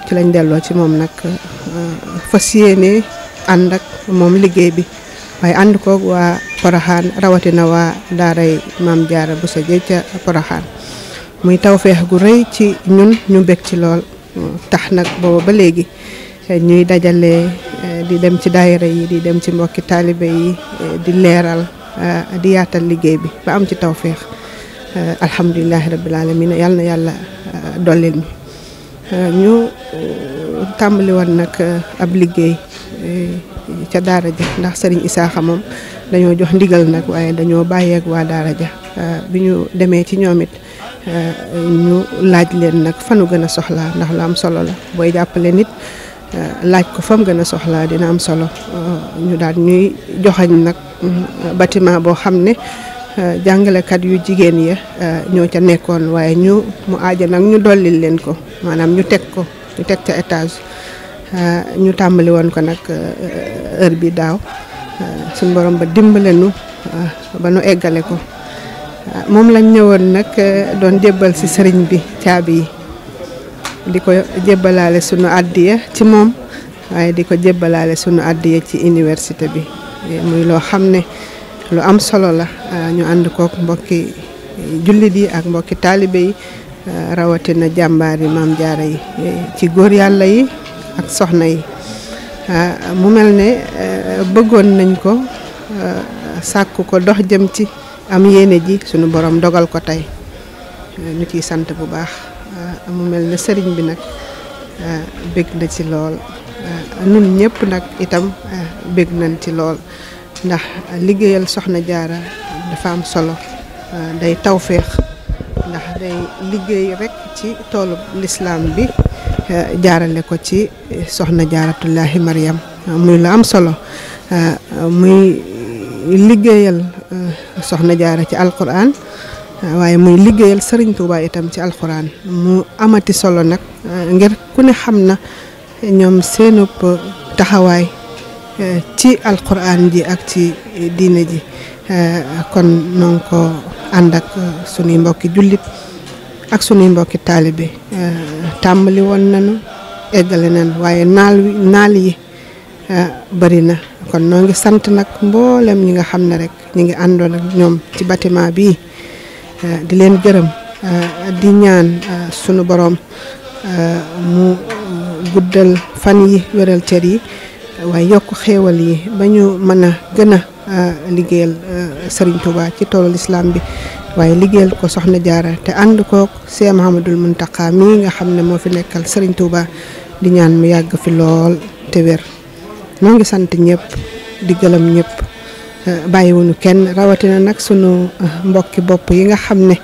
ci lañ delloo ci moom nag fas yéene ànd moom liggéey bi waaye ànd waa Porokhane rawatina waa daaray maam Jaara Buso Jeey ca Porokhane muy tawfeex gu rëy ci ñun ñu bekk ci lool tax nag booba ba léegi ñuy dajale eh, di dem ci daayira yi di dem ci mbokki taalibe yi eh, di leeral eh, di yaatal liggéey bi ba am ci tawfeex alhamdulilahi rabbil alamin yàlla na yàlla dollil ñu ñu tàmbali woon nag ab liggéey Eh, ca daara ji ndax sëriñ Isaaxa moom dañoo jox ndigal nag waaye dañoo bàyyeek waa daara ja eh, bi ñu demee ci ñoom it eh, ñu laaj leen nag fanu gën a soxlaa ndax lu am solo la booy jàppale nit laaj ko fam gën a soxlaa dina am solo ñu daal ñuy joxañ nag mm, bâtiment boo xam ne jàngalekat yu jigéen ya ñoo ca nekkoon waaye ñu mu aaja nag ñu dollil leen ko maanaam ñu teg ko ñu teg ca étage Euh, ñu tàmbali woon ko nag euh, heure bi daaw euh, suñ borom ba dimbale nu ba nu eggale ko moom lañ ñëwoon nag doon jébbal ci sëriñ bi caabi yi di ko jébbalaale sunu àddiya ci moom waaye di ko jébbalaale sunu àddiya ci université bi muy loo xam ne lu am solo la ñu ànd kook mbokki jullit yi ak mbokki taalibe yi rawatina jàmbaar yi maam jaara yi ci góor yàlla yi ak soxna yi euh, mu mel ne euh, bëggoon nañ ko euh, sàkk ko dox jëm ci am yéene ji suñu boroom dogal ko tey ñu ciy sant bu baax mu mel ne sëriñ bi nag bég na ci lool nun ñëpp nag itam bég nañ ci lool ndax liggéeyal soxna jaara dafa am solo day tawféex ndax day liggéey rekk ci toolu lislaam bi Eh, jaarale ko ci eh, soxna jaaratullahi Mariam muy la am solo eh, muy liggéeyal soxna jaara ci alquran waaye muy liggéeyal Serigne Touba itam ci alquran mu amati solo nag ngir ku ne xam na ñoom seenub taxawaay ci alquran ji ak ci diine ji kon noo ko ànd ak sunuy mbokki jullit ak sunuy mbokki taalibe euh, tàmbali woon nañu eggale nañ waaye naal yi euh, bari na kon noo ngi sant nag mboolem ñi nga xam ne rek ñu ngi àndoon ak ñoom ci bâtiment bi euh, di leen gërëm di ñaan sunu boroom mu guddal fan yi wéral cër yi waaye yokk xéewal yi ba ñu mën a gën a liggéeyal Serigne Touba ci toolu lislaam bi waaye liggéeyal ko soxna jaara te ànd kook Cheikh Mouhamadoul Mountakha mii nga xam ne moo fi nekkal Serigne Touba di ñaan mu yàgg fi lool te wér noo ngi sant ñëpp di gëlëm ñëpp eh, bàyyiwuñu kenn rawatina nag sunu eh, mbokki bopp yi nga xam ne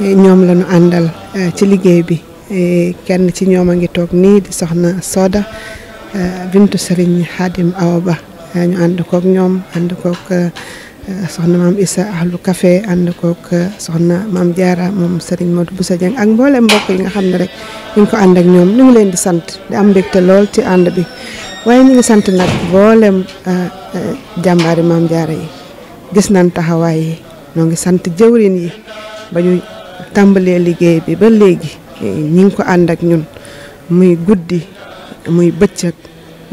eh, ñoom la ñu àndal ci liggéey bi kenn ci ñoom a ngi toog nii di soxna Soda bintu Serigne Khadim Awa Ba ñu ànd kook ñoom ànd kook soxna maam Issa lu kafe ànd kook uh, soxna maam jaara moom Serigne Modou Boussa Dieng ak mboolem yi nga xam ne rek ñu ko ànd ak ñoom ñu ngi leen di sant di am mbégte lool ci ànd bi waaye ñu ngi sant nag mboolem uh, uh, jàmbaari maam Diarra yi gis nañ taxawaay yi ngi sant jëwrin yi ba ñu tàmbalee liggéey bi ba léegi ñi ngi ko ànd ak ñun muy guddi muy bëccëg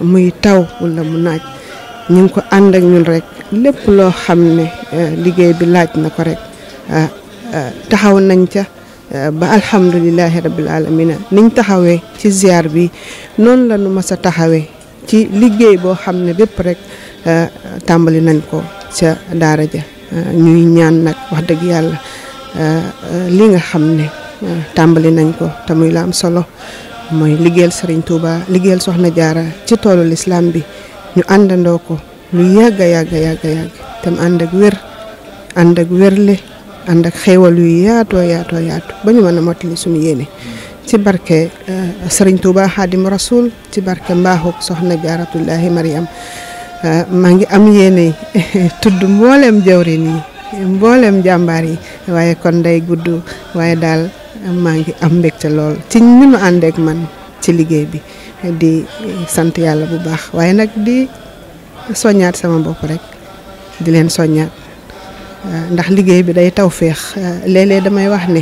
muy taw wala mu naaj. ñu ko ànd ak ñun rek lépp loo xam ne euh, liggéey bi laaj na ko rek euh, euh, taxaw nañ ca ba alhamdulilahi rabil alamina niñ taxawee ci ziar bi noonu la nu mas a taxawee ci liggéey boo xam ne bépp rek tàmbali nañ ko ca daara ja ñuy ñaan nag wax dëgg yàlla li nga xam ne tàmbali nañ ko te muy la am solo mooy liggéeyal Serigne Touba liggéeyal Soxna Jaara ci toolu lislaam bi ñu àndandoo ko lu yàgg a yàgg yàgg yàgg tam ànd ak wér ànd ak wérle ànd ak xéewal yu yaatoo yaatoo yaatu ba ñu mën a mottali suñu ci barke eh, Serigne Touba Xaadim Rasoul ci barke mbaaxu soxna Jaaratullaahi Mariam eh, maa ngi am yéene eh, tudd mboolem jawrin mboolem jàmbaar yi waaye kon day gudd waaye daal maa ngi am mbégte lool ci ni mu àndeek man ci liggéey bi. di sant yàlla bu baax waaye nag di soññaat sama bopp rek di leen soññaat uh, ndax liggéey bi day taw féex uh, léeg damay wax ne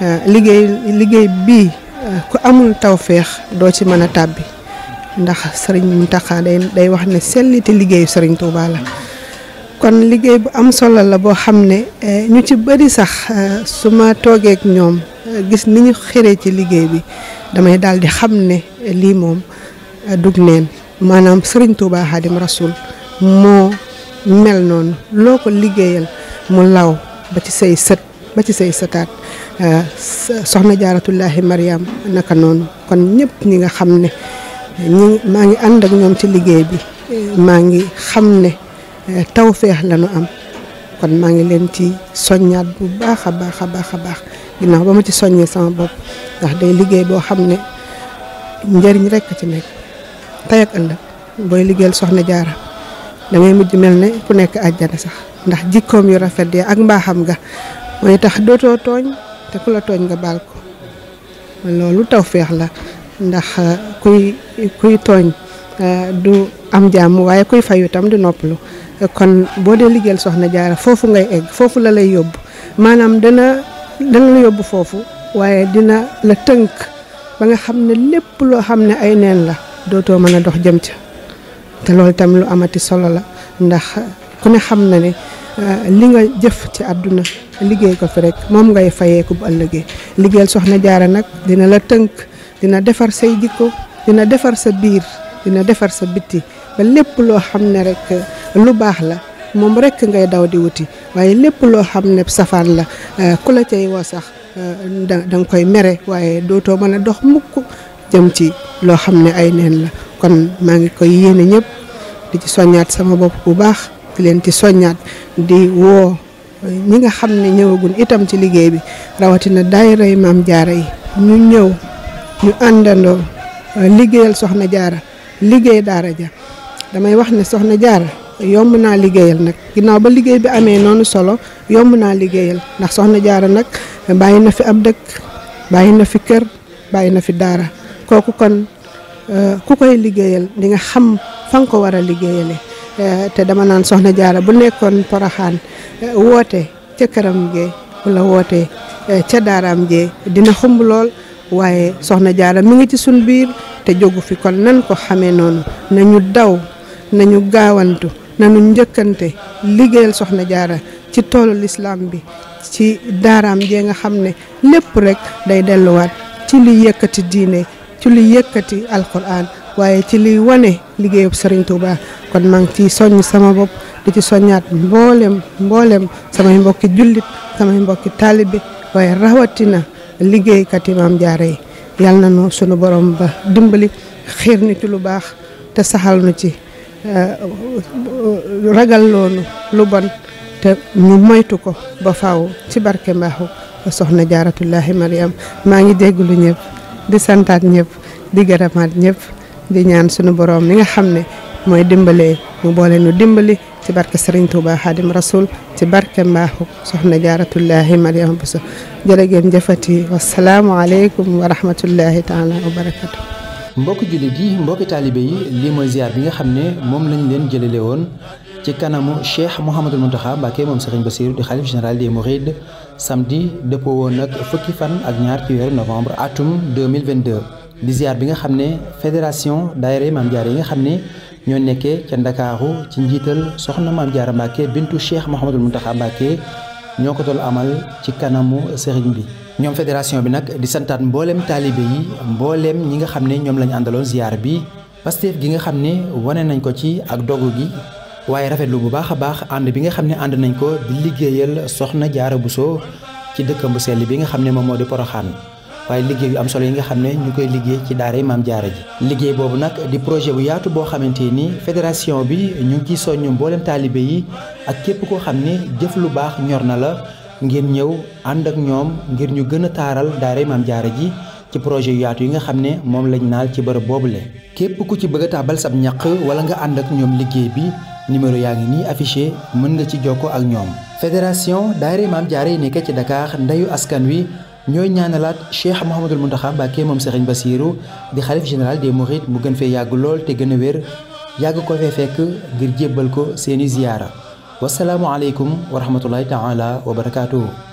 uh, liggéey liggéey bii ku amul taw féex doo ci mën a tàbbi ndax sëriñ Mountakha day day wax ne selliti liggéeyu sëriñ Touba la kon liggéey bu am solo la boo xam ne ñu ci bëri sax su ma toogeek ñoom gis ni ñu xëree ci liggéey bi damay daal di xam ne lii moom euh, dug neen maanaam Serigne Touba Hadim Rasoul moo mel noonu loo ko liggéeyal mu law ba ci sëy sët ba ci say sëtaat euh, soxna jaaratullahi Mariam naka noonu kon ñépp ñi nga xam ne ñi maa ngi ànd ak ñoom ci liggéey bi euh, maa ngi xam ne tawféex la nu am kon maa ngi leen ci soññaat bu baax a baax a baax a baax ginnaaw ba ma ci soññee sama bopp ndax day liggéey boo xam ne njëriñ rekk ci nekk tey ak ëllëg booy liggéeyal soxna jaara dangay mujj mel ne ku nekk àjjana sax ndax jikkoom yu rafet yi ak mbaaxam ga mooy tax dootoo tooñ te ku la tooñ nga baal ko loolu tawféex la ndax euh, kuy kuy tooñ euh, du am jàmm waaye kuy fayu tam di noppalu kon boo dee liggéeyal soxna jaara foofu ngay egg foofu la lay yóbbu maanaam dana dana la yóbbu foofu waaye dina la tënk ba nga xam ne lépp loo xam ne ay neen la dootoo mën a dox jëm ca te loolu itam lu amati solo la ndax ku ne xam na ne euh, li nga jëf ci àdduna liggéey ko fi rek moom ngay fayee ko bu ëllëgee liggéeyal soxna jaara nag dina la tënk dina defar say jikko dina defar sa biir dina defar sa bitti ba lépp loo xam ne rek lu baax la moom rekk ngay daw di wuti waaye lépp loo xam ne safaan la euh, ku la cay woo sax euh, da nga koy mere waaye dootoo mën a dox mukk jëm ci loo xam ne ay neen la kon maa ngi koy yéene ñëpp di ci soññaat sama bopp bu baax di leen ci soññaat di woo ñi nga xam ne ñëwagun itam ci liggéey bi rawatina daayira rey maam jaara yi ñu ñëw ñu àndandoo euh, liggéeyal soxna jaara liggéey daara ja damay wax ne soxna jaara yomb naa liggéeyal nag ginnaaw ba liggéey bi amee noonu solo yomb naa liggéeyal ndax soxna jaara nag bàyyi na fi ab dëkk bàyyi na fi kër bàyyi na fi daara kooku kon euh, ku koy liggéeyal di nga xam fa ko war a liggéeyale euh, te dama naan soxna jaara bu nekkoon poroxaan euh, woote ca këram gee wala woote ca daaraam gee dina xumb lool waaye soxna jaara mi ngi ci sun biir te jógu fi kon nan ko xamee noonu nañu daw nañu gaawantu nanu njëkkante liggéeyal soxna jaara ci toolu lislaam bi ci daaraam jee nga xam ne lépp rekk day delluwaat ci liy yëkkati diine ci lu yëkkati alquran waaye ci liy wane liggéeyub Serigne Touba kon maa ngi ciy soññ sama bopp di ci soññaat mboolem mboolem samay mbokki jullit samay mbokki taalibe waaye rawatina liggéeykat yi maam jaara yi yàlla na nu sunu borom ba dimbali xiir ni ci lu baax te saxal nu ci Eh, ragal loolu lu bon te ñu moytu ko ba faaw ci barke mbaaxu soxna jaaratullahi mariam maa ngi dégglu ñëpp di santaat ñëpp di gërëmaat ñëpp di ñaan sunu borom mi nga xam ne mooy dimbalee mu boole nu dimbali ci barke Serigne Touba Xaadim Rasul ci barke mbaaxu soxna jaaratullahi mariam Bousso jërë ngeen jëfati wasalaamualeykum wa rahmatullahi taala wa barakatu mbokki jullit yi mbokki taalibe yi lii mooy ziar bi nga xam ne moom lañ leen jëlale woon ci kanamu cheikh Mouhamadul Mountakha Mbacké moom Serigne Bassirou di xalif général des Mourides samedi dëppoo woon ak fukki fan ak ñaar ci novembre atum 2022 di ziar bi nga xam ne fédération daayira Maam Jaara yi nga xam ne ñoo nekkee ca Ndakaaru ci njiital soxna Maam Jaara Mbacké bintu cheikh Mouhamadul Mountakha Mbacké ñoo ko doon amal ci kanamu Serigne bi ñoom fédération bi nag di santaat mbooleem taalibe yi mbooleem ñi nga xam ne ñoom lañu àndaloon ziar bi Pastef gi nga xam ne wane nañ ko ci ak dogu gi waaye rafetlu bu baax a baax ànd bi nga xam ne ànd nañ ko di liggéeyal soxna Jaara Buso ci dëkkam bu sell bi nga xam ne moom moo di Poroxaan waaye liggéey yu am solo yi nga xam ne ñu koy liggéey ci daara maam jaara ji liggéey boobu nag di projet bu yaatu boo xamante ni fédération bi ñu ngi ciy soññu mbooleem taalibe yi ak koo xam ne jëf lu baax ñor na la ngeen ñëw ànd ak ñoom ngir ñu gën a taaral daaray maam jaara ji ci projet yu yaatu yi nga xam ne moom lañ naal ci bërëb boobule. képp ku ci bëgg taabal tàbbal sab ñaq wala nga ànd ak ñoom liggéey bi numéro yaa ngi nii affiché mën nga ci jokkoo ak ñoom. fédération daaray maam jaara yi nekk ci Dakar ndeyu askan wi. ñooy ñaanalaat Cheikh Mouhamadul Mountakha Mbacké moom Serigne Bassirou di xalif général des Mourides mu gën fee yàgg lool te gën a wér yàgg ko fee fekk ngir jébbal ko seeni ziyaara wasalaamualeykum wa rahmatullahi taala wa barakaatuhu